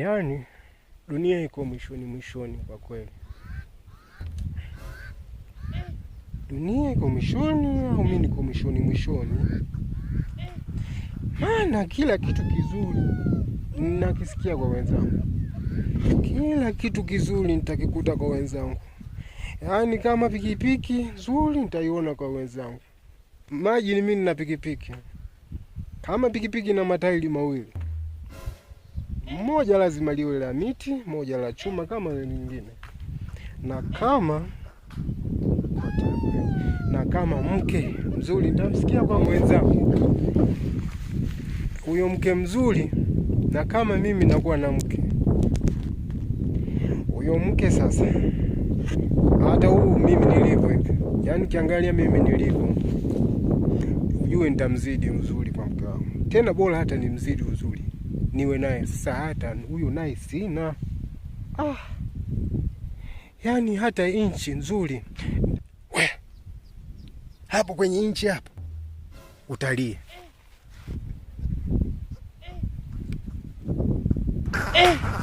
yaani dunia iko mwishoni mwishoni, kwa kweli dunia iko mwishoni, au mimi niko mwishoni mwishoni? Maana kila kitu kizuri nakisikia kwa wenzangu, kila kitu kizuri nitakikuta kwa wenzangu. Yaani kama pikipiki nzuri nitaiona kwa wenzangu. Maji ni mimi nina pikipiki, kama pikipiki na matairi mawili moja lazima liwe la miti, moja la chuma kama lingine, na kama na kama mke mzuri, nitamsikia kwa mwenzangu huyo mke mzuri, na kama mimi nakuwa na mke huyo mke sasa, hata huu mimi nilivyo hivi, yaani kiangalia mimi nilivyo, ujue nitamzidi uzuri kwa mke wangu, tena bora hata ni mzidi uzuri niwe naye. Sasa hata huyu naye sina ah. Yani hata inchi nzuri we, hapo kwenye inchi hapo utalie eh. Eh.